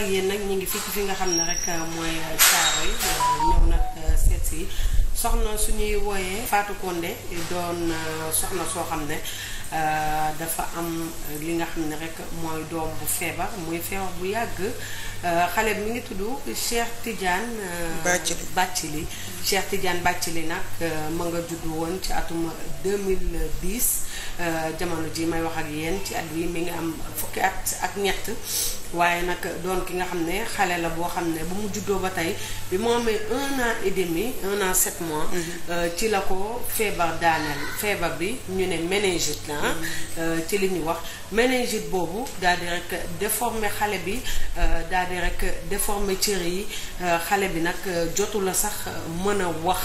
ak nag ñu ngi fi fi nga xam ne rek euh, mooy caaro euh, yi euh, nag seet si soxna suñuy wooyee Fatou Condé doon soxna soo xam ne dafa am li nga xam ne rek mooy doom bu feebar muy feebar bu yàgg xale bi mi ngi tudd Cheikh Tidiane Bathily Bathily Cheikh bàcc li nag ma nga juddu woon ci atum 2010 Euh, jamono ji may wax ak yéen ci at yi mi ngi am fukki at ak ñett waaye nag doon ki nga xam ne xale la boo xam ne bu mu juddoo ba tey bi mu amee un an et demi un mhm. euh, ci la ko feebar daaneel feebar bi ñu ne méningite la mhm. euh, ci li ñu wax méningite boobu daal di rek déformé xale bi daal di rek déformé cër yi xale bi nag jotu la sax mën a wax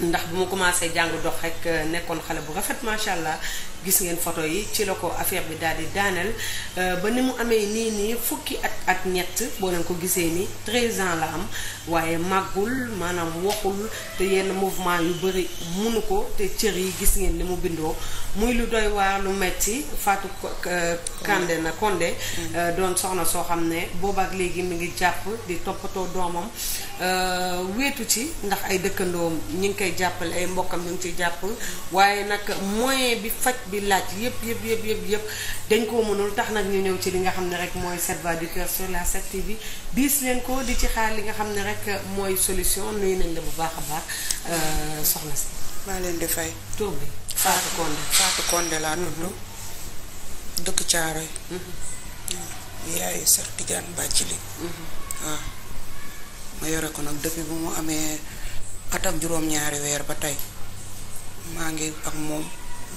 ndax bu ma commencé jàng dox rek euh, nekkoon xale bu rafet macha allah gis ngeen photo yi ci la ko affaire bi daal di daaneel euh, ba ni mu amee nii nii fukki at ak ñett boo leen ko gisee nii 13 ans la am waaye màggul maanaam waxul te yenn mouvement yu bëri munu ko te cër yi gis ngeen li mu bindoo muy lu doy waar lu metti faatu euh, Kande na Konde mm. doon soxna soo xam ne boobaak léegi mu ngi jàpp di toppatoo doomam wéetu ci ndax ay dëkkandoom ñi koy jàppale ay mbokkam ñu ngi ciy jàpp waaye nag moyen bi faj bi laaj yëpp yëpp yëpp yëpp yëpp dañ koo mënul tax nag ñu ñëw ci li nga xam ne rek mooy 7 voix du cœur sur la 7 TV diis leen ko di ci xaar li nga xam ne rek mooy solution nuyu nañ la bu baax a baax euh, soxna si. maa leen di fay. tur bi Fatou Konde. Fatou Konde laa tudd mm-hmm. dëkk Caaroy. Mm-hmm. yaayu Cheikh Tidiane Bathily. waaw mm-hmm. ah. ma yore ko nag depuis bu mu amee. atam ak juróom-ñaari weer ba tey maa ngi ak moom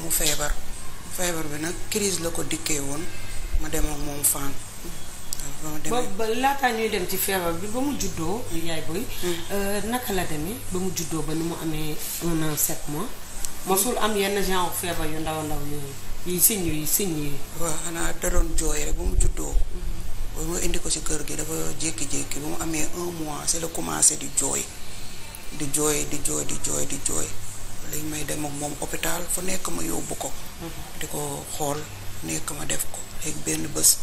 mu feebar feebar bi nag crise la ko dikkee woon ma dem ak moom fan ba laataa ñuy dem ci feebar bi ba mu juddoo yaay boy hmm. euh, naka la demee ba mu juddoo ba ni mu amee un an sept mois mosul am yenn genre feebar yu ndaw ndaw yooyu yi siñ yi siñ yi xanaa da doon jooy rek ba mu juddoo ba mu indi ko ci kër gi dafa jékki-jékki ba mu amee un mois c'est la commencé di jooy di jooy di jooy di jooy di jooy léegi may dem ak moom hôpital fu nekk ma yóbbu ko mhm. di ko xool nekk ma def ko léegi benn bés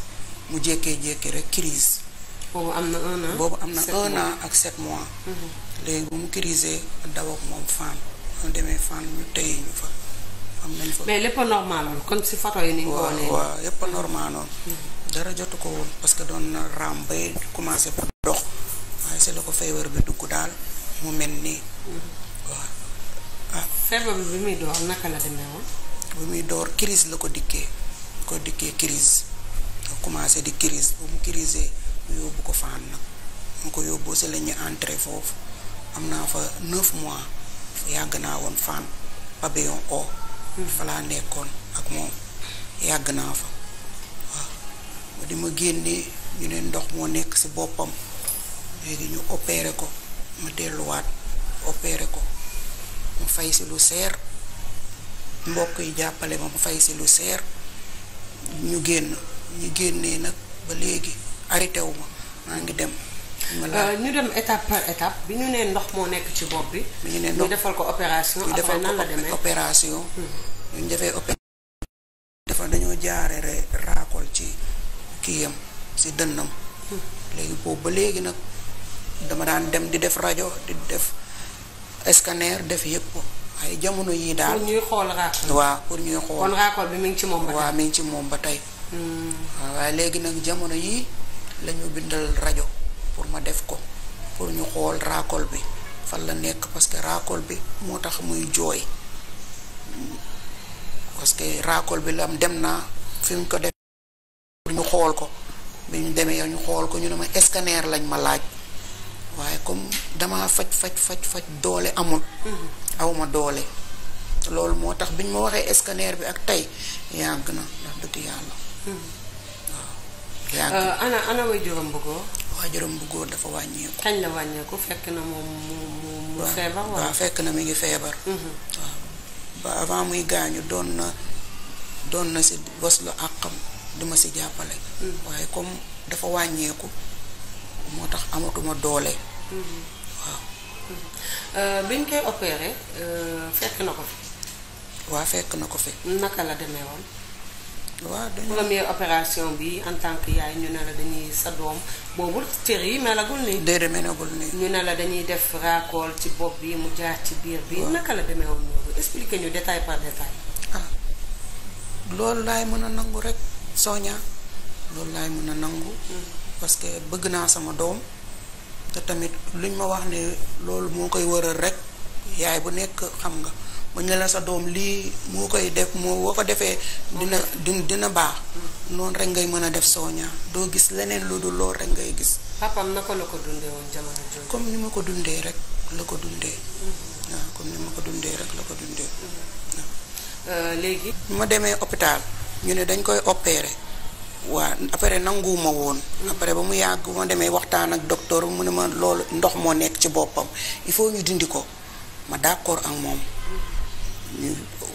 mu jékkee-jékkee rek crise boobu am na un boobu am na un ak set mois mhm. léegi bu mu crisee daw moom fànn mu demee fànn ñu tey ñu fa am nañ fa mais lépp normal woon kon si photo yi ni nga wanee waaw lépp mhm. dara jotu ko woon parce que doon na raam bay commencé pour dox waaye si la ko feebar bi dugg daal mu mel ni mm-hmm. waaw. feebar bi muy door naka la demee woon. bi muy door crise la ko dikkee ko dikkee crise da commencé di crise ba mu crisee yóbbu ko fan nag mu ko yóbbu si la ñu entré foofu am naa fa neuf mois yàgg naa woon fan pavillon o mm-hmm. fa laa nekkoon ak moom yàgg naa fa waaw di ma génne ñu ne ndox moo nekk si boppam léegi ñu opéré ko ma delluwaat opéré ko mu fay si lu seer mbokk yi jàppale ma mu fay si lu seer ñu génn ñu génnee nag ba léegi arrêté wu ma maa ngi dem. Euh, ñu dem étape par étape bi ñu nee ndox moo nekk ci bopp bi. bi ñu nee ndox ñu defal ko opération. après nan la demee opération. Hmm. ñu defee opération. dafa dañoo jaaree raakol ci kiyam si dënnam. Hmm. léegi boobu ba léegi nag. dama daan dem di def rajo di def scanner def yëpp waaye jamono yii daal. pour ñuy xool raakool. waaw pour ñuy bi mi ngi ci moom ba tey. mi ngi ci moom ba tey. Hmm. waaye léegi nag jamono yii la bindal rajo pour ma def ko pour ñu xool raakool bi fan la nekk parce que raakool bi moo tax muy jooy parce que raakool bi lam dem naa fi mu ko def pour ñu xool ko bi ñu demee ñu xool ko ñu ne ma lañ ma laaj. waaye comme damaa faj faj faj faj doole amul. Mm-hmm. awma doole. loolu moo tax biñ ma waxee scanner bi ak tey yànk na ndax dëgg yàlla. Mm-hmm. waaw yàgg na uh, ana ana waajuram bu góor. waajuram bu dafa wàññeeku. kañ la wàññeeku fekk na moom mu fekk na mi ngi feebar. Mm-hmm. waaw ba avant muy gaañu doon na doon na si bos lu àqam di si jàppale. waaye comme dafa wàññeeku. moo tax amatuma doole. Mm-hmm. waaw. Euh, biñ koy opéré euh, fekk na ko fi. waaw fekk na ko fi. naka la demee woon. waaw dañu première opération bi en tant que yaay ñu ne la dañuy sa doom boobu cër yi melagul nii. déedéet melagul nii. ñu ne la dañuy def raakool ci bopp bi mu jaar ci biir bi. naka la demee woon noonu expliquer ñu détail par détail. ah loolu laay mën a nangu rek soña loolu laay mën a nangu. Mm-hmm. parce que bëgg naa sama doom te tamit luñ ma wax ne loolu moo koy wëral rek yaay bu nekk xam nga mu ne la sa doom lii moo koy def moo boo ko defee dina dina baax noonu rek ngay mën a def sooña doo gis leneen lu dul loolu rek ngay gis papam naka la ko dundee woon jamono comme ni ma ko dundee rek la ko dundee waaw comme ni ma ko dundee rek la ko dundee euh, léegi ma demee hôpital ñu ne dañ koy opeere waa après nanguwuma woon. après ba mu yàgg ma demee waxtaan ak docteur mu ne ma loolu ndox moo nekk ci boppam il faut ñu dindi ko ma d'accord ak moom.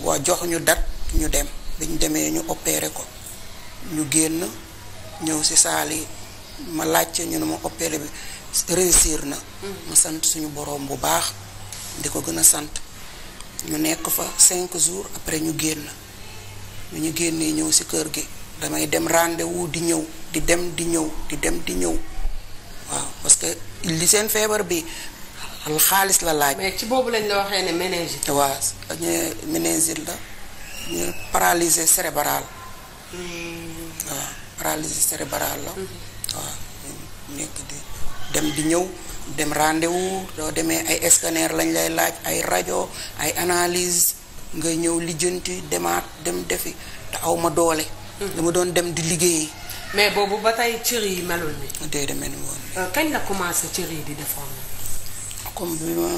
waa jox ñu dat ñu dem bi demee ñu opeere ko ñu génn ñëw si saal ma laajte ñu ne ma opéré bi réussir na. ma sant suñu boroom bu baax di ko gën a sant ñu nekk fa cinq jours après ñu génn ñu ñu génnee ñëw si kër gi. damay dem rendez-vous di ñëw di dem di ñëw di dem di ñëw waaw parce que li seen feebar bi xaalis la laaj. ci boobu lañ la waxee ne méningite. waaw ñu méningite la ñu paralysé cérébral. Hmm. waaw paralysé cérébral hmm. nekk di dem di ñëw dem rendez-vous doo demee ay scanner lañ lay laaj ay rajo ay analyse nga ñëw lijjanti demaat dem defi te aw doole. dama doon dem di liggéey mais boobu ba tey cër yi melul ni déedéet mel woon. Euh, kañ la commencé cër yi di déformé. comme bi ma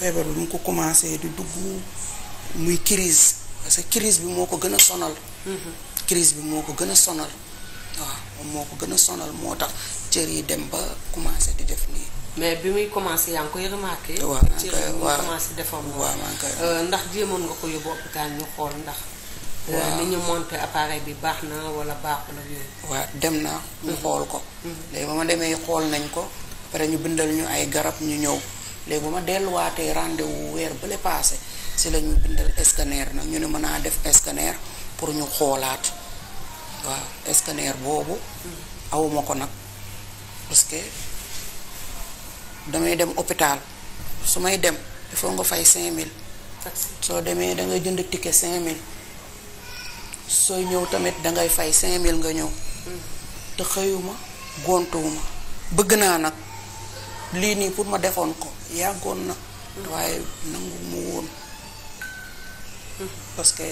bi mu ko commencé di dugg muy crise parce crise bi moo ko gën a sonal. Mm-hmm. crise bi moo ko gën a sonal waaw moo ko gën a sonal moo tax cër yi dem ba commencé di def nii. mais bi muy commencé yaa ngi koy remarqué. waaw yi mu commencé déformé. waaw maa ngi euh, ndax jéemoon nga ko yóbbu hôpital ñu xool ndax. Euh, ni ñu monté appareil bi baax na wala baaxul ak dem na ñu mhm. xool ko. Mhm. léegi ba ma demee xool nañ ko après ñu bindal ñu ay garab ñu ñëw léegi ba ma delluwaatee rendez-vous weer bële paase si la ñu bindal scanner nag ñu ne mën naa def scanner pour ñu xoolaat waaw scanner boobu. Mhm. awuma ko nag parce que damay dem hôpital su may dem il faut nga fay 5000. soo demee da nga jënd ticket 5000. sooy ñëw tamit da ngay fay 5000 nga ñëw. te xëyuma gontuwuma bëgg naa nag lii nii pour ma defoon ko yàggoon na. waaye nangu mu woon. parce que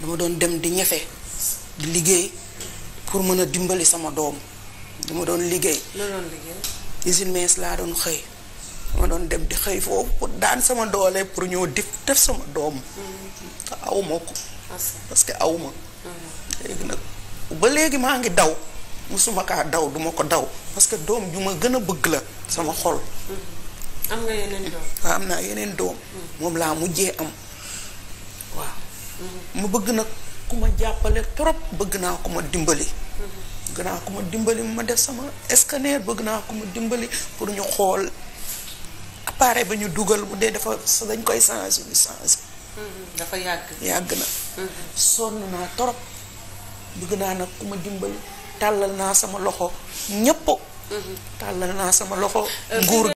dama doon dem di ñafe di liggéey pour mën a dimbali sama doom duma doon liggéey. la doon liggéey. laa doon xëy. ma doon dem di xëy foofu pour daan sama doole pour ñëw def def sama doom awma ko parce que awma léegi nag ba léegi maa ngi daw musuma kaa daw duma ko daw parce que doom ju ma gën a bëgg la sama xol am nga yeneen doom yeneen doom moom laa mujjee am waaw ma bëgg nag ku ma jàppale trop bëgg naa ko ma dimbali bëgg naa ko ma dimbali ma def sama scanner bëgg naa ko ma dimbali pour ñu xool pare ba ñu dugal bu dee dafa dañ koy changé ñu changé. Mm-hmm. dafa yàgg. yàgg na. Mm-hmm. sonn naa torop bëgg naa nag ku ma dimbali tàllal naa sama loxo ñëpp. Mm-hmm. tàllal naa sama loxo euh, nguur.